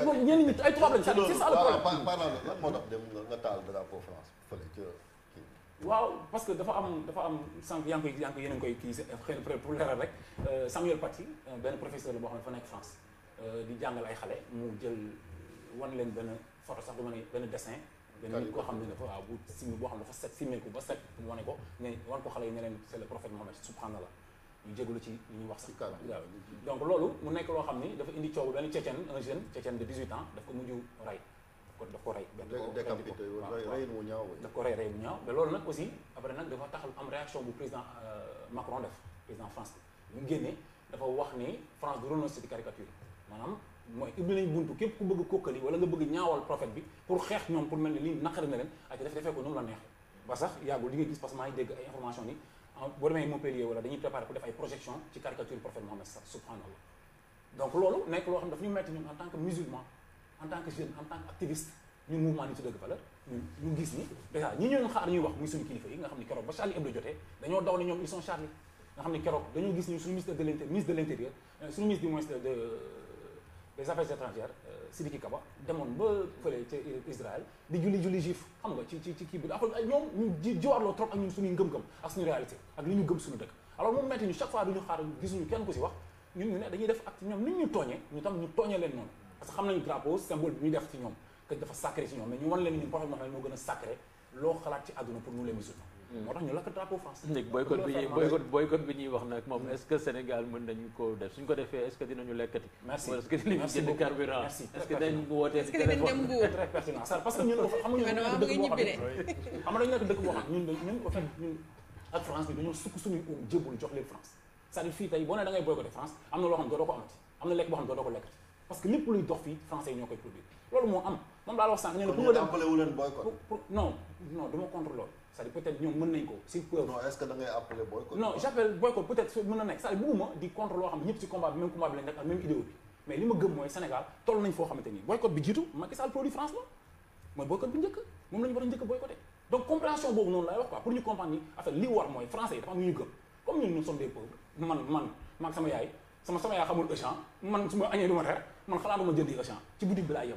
moom ñenn ñi ay tubaab lañ sax c'est ça le problème lan moo tax nga taal drapeau France waaw parce que dafa am dafa am san yaa ngi koy yaa ngi koy kii xëy na pour leeral rek euh, Samuel Paty euh, benn professeur la boo xam ne fa nekk France euh, di jàngal ay xale mu jël wan leen benn photo sax du ma ne benn dessin benn nit koo xam ne dafa waaw bu simmi boo xam ne dafa set simmil ba set wane ko ne wan ko xale yi ne leen c'est le prophète Mohammed subhanallah ñu jégalu ci li ñuy wax sax donc loolu mu nekk loo xam ni dafa indi coow benn tchétchène un jeune tchétchène de 18 ans daf ko mujj rey kon daf ko rey daf ko rey rey mu ñaaw mais loolu nag aussi après nag dafa taxal am réaction bu président euh, Macron def président France bi mu génnee dafa wax ni France du renoncé di caricature maanaam mooy ubbi nañ buntu képp ku bëgg kokkali wala nga bëgg ñaawal prophète bi pour xeex ñoom pour mel ni lii naqari na leen ak def defee ko noonu maa ngi dégg ay information boo demee Montpellier wala dañuy préparer pour def ay projection ci caricature prophète subhanallah donc loolu nekk loo xam daf ñu metti ñun en tant que musulman en tant que jeune en tant que activiste ñu ñu gis ni yi nga xam ni keroog ba jotee dañoo daw ne ñoom ils sont Charlie nga xam ni keroog dañoo gis ni suñu ministre de l' ministre de l' intérieur euh, suñu ministre du de affaires étrangères euh, Sidiki Kaba demoon ba fële ca Israël di julli julli juif xam nga ci ci ci kii bi dafa ñoom ñu jiwaarloo trop ak ñun suñuy ngëm-ngëm ak suñu réalité ak li ñu gëm suñu dëkk alors moom metti ñu chaque fois duñu xaar gisuñu kenn ku si wax ñun ñu ne dañuy def ak ñoom nit ñu tooñee ñu tam ñu tooñee leen noonu parce que xam nañu drapeau symbole bi ñuy def ci ñoom que dafa sacré ci ñoom mais ñu wan leen ñun prophète Mohammed moo gën a sacré loo xalaat ci àdduna pour nous les musulmans moo tax ñu lakk drapeau France. léegi boycott bi ñuy boycott boycott bi ñuy wax nag moom est-ce que Sénégal mën nañu koo def suñ ko defee est-ce que dinañu lekkati. merci est-ce que dinañu jënd carburant. est-ce que dañ wootee est-ce que dinañ dem nguur très pertinent parce que ñun xam nga ñun dëkk boo xam ne dañu nekk dëkk boo xam ñun ñun au fait ñun ak France bi dañoo sukk suñuy um jébul jox leen France c'est-à-dire fii tey boo nee da ngay boycotté France am na loo xam ne doo ko amati am na lekk boo xam ne doo ko lekkati parce que lépp luy dox fii français yi ñoo koy produire loolu moo am moom daal wax sànq ñu ne pour nga dem non non du ma contre loolu c'est-à-dire peut-être ñoom mën nañ ko si preuve. non est-ce que da ngay appeler boycott. peut-être mën na nekk c'est-à-dire di contre loo xam ñëpp si combat bi jiitu Macky produit France la mooy boycott bu njëkk moom la war a njëkk boycotté donc compréhension boobu noonu lay wax quoi pour ñu comprendre ni affaire war mooy français dafa am ñu gëm comme ñun nous sommes des pauvres man man maag sama yaay sama sama yaay xamul Auchan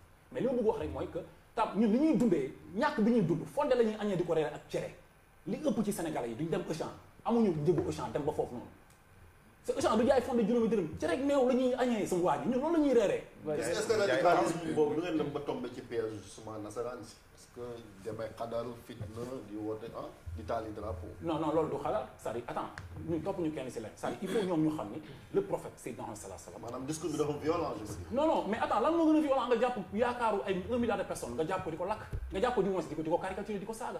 mais li ma bëgg wax rek mooy que tam ñun li ñuy dundee ñàkk bi ñuy dund fonde la ñuy añee di ko reere ak cere li ëpp ci Sénégalais yi duñ dem Auchan amuñu njëgu Auchan dem ba foofu noonu sa Auchan du jaay fonde juróomi dërëm ci rek meew la añee sama waa ji ñun loolu la ñuy reeree. est boobu du ngeen dem ah, drapeau. non non loolu du xalaat c'est-à-dire topp ñu kenn si la cest il faut ñoom ñu xam ni le prophète Seydina Muhammad sallallahu alayhi wa mais attends lan moo gën a violent nga jàpp yaakaaru ay un milliard de personnes nga jàpp ko di ko lakk nga jàpp ko di ko saaga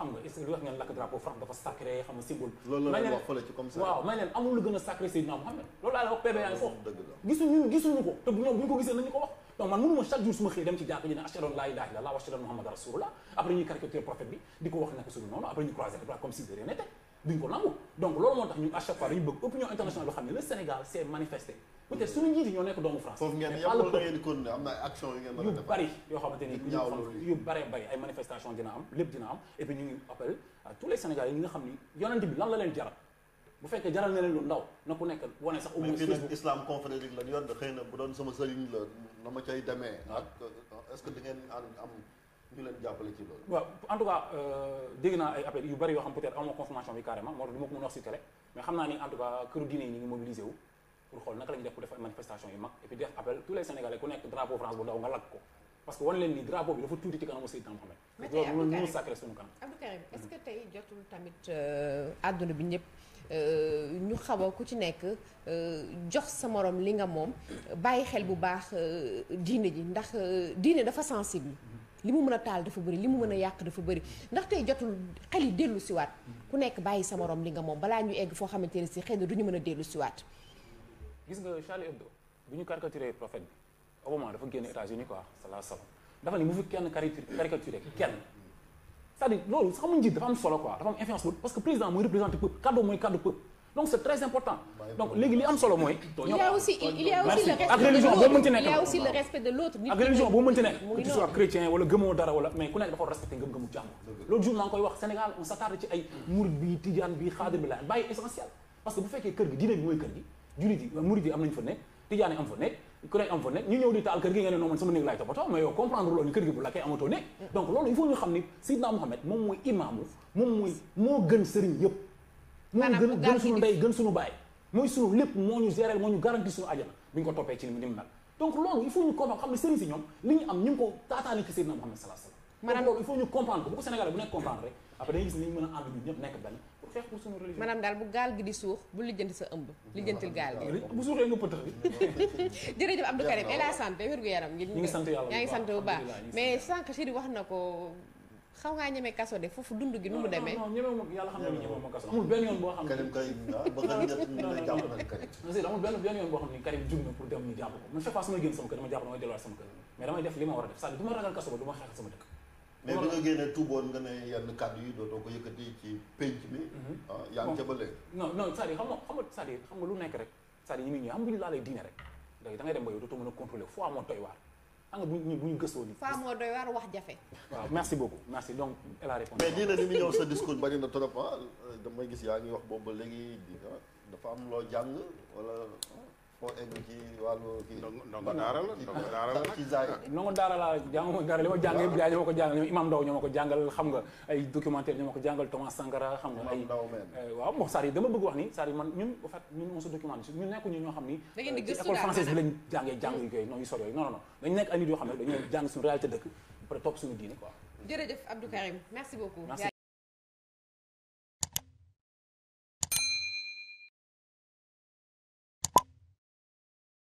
xam nga est-ce que lu wax ngeen lakk drapeau France dafa sacré xam nga symbole. loolu la wax fële ci comme ça waaw may leen amul lu gën a sacré Seydina Mohamed loolu laa la wax PBA ko gisuñu gisuñu ko te bu ñoom bu ñu ko gisee nañu ko wax donc man mënuma chaque jour su ma xëyee dem ci jàkk ji ne ashhadu an la ilaha illallah wa ashhadu anna Muhammadan rasulullah après ñuy caricature prophète bi di ko wax naka suñu noonu après ñu croiser les bras comme si de rien n'était duñ ko nangu donc loolu moo tax ñu à chaque fois dañu bëgg opinion internationale loo xam ne le Sénégal s'est manifesté peut-être suñu njiiti ñoo nekk doomu France. yu a def yu bari yoo xamante ni yu bari bari ay manifestation dina am xam ni yonent bi lan la leen jaral bu fekkee jaral na leen lu ndaw na ku nekk wane sax au moins mais islam la na ma cay demee ak est di ngeen am ñu leen jàppale ci loolu. waaw en tout cas euh, dégg naa ay appel yu bari yoo xam peut-être amoo confirmation bi carrément moo tax du ma ko mën wax si télé mais xam naa ni en tout cas këru diine yi ñu ngi mobilisé wu pour xool naka la ñuy def pour def manifestation yu mag et def appel tous les sénégalais ku nekk drapeau France bu ndaw nga lakk ko parce que wan leen ni drapeau bi dafa tuuti ci kanamu Seydina Mohamed. Mm-hmm. que tey jotul tamit euh, àdduna bi ñëpp euh, ñu xaw ku ci nekk euh, jox sa morom li nga moom bàyyi xel bu baax diine ji ndax diine dafa sensible. Mm-hmm. li mu mën a taal dafa bëri li mu mën a yàq dafa bëri ndax tey jotul xel dellu siwaat mm-hmm. ku nekk bàyyi sa morom li nga moom balaa ñu egg foo xamante ne si xëy na du ñu mën a dellu siwaat gis nga Charlie Hebdo bi ñu caricaturé prophète bi au moment dafa génn États-Unis quoi salaa salaam dafa ne mu fi kenn caricaturé kenn c'est-à-dire loolu sax mu njiit dafa am solo quoi dafa am influence bu parce que président mooy représenté peuple kaddu mooy kaddu peuple donc c'est très important donc léegi li am solo mooy. il y a aussi il y a aussi le respect ak religion boo mënti nekk il y a aussi le respect de l'autre ak religion boo mënti nekk que tu sois chrétien wala gëmoo dara wala mais ku nekk dafa respecté ngëm-ngëmu jàmm l'autre jour maa ngi koy wax Sénégal on s'attarde ci ay murid bi tijaan bi xaadir bi la bàyyi essentiel parce que bu fekkee kër gi diine bi mooy kër gi julit yi murid yi am nañ fa nekk tijaan am fa nekk ñu ñëw di taal kër gi nga ne non man sama néeg laay toppatoo mais yow comprendre mm. ko bu ko Sénégalais bu nekk comprendre rek après dañuy gis ni ñu mën a ànd ñun nekk benn xeexul suñu religion maanaam daal bu gaal gi di suux bu lijjanti sa ëmb lijjantil gaal gi bu suuxee nga pëtëx xaw ngaa ñeme kaso ba nga ñett ñu na pour ko man chaque fois su sama kër damay delluwaat damay def li ma war a def cest à ragal kaso ba du ma sama dëkk mais bi nga génnee tuuboon nga ne yenn kàddu yi dootoo ko yëkkati ci penc mi. Mhm. ah yaa ngi ca ba léegi. non xam nga xam nga lu nekk rek c'est-à-dire yi muy ñëw xam nga bu ñu laalee diine rek da dem ba yow dootoo mën a contrôler foo amoon doy waar xam nga bu ñu bu ñu gëstoo nii. foo amoon doy waar wax jafe. waaw merci beaucoup merci donc elle a ah. euh, damay gis yaa ngi wax boobu ba léegi dafa am loo jàng wala. Ah. foo egg ci wàllu kii. jànguma daara li jàng yëpp ñoo ma ñoo ma ko jàngal ñoo ma ko jàngal Thomas Sankara xam nga ay eh, waaw bon Sarr yi dama bëgg wax ni Sarr yi man ñun en fait ñun on se documente nekkuñu ñoo xam ni eh, ci école française bi lañ jàngee jàng yu nekk ay nit yoo xam ne dañoo jàng suñu réalité dëkk après topp suñu diine quoi jërëjëf Abdou merci beaucoup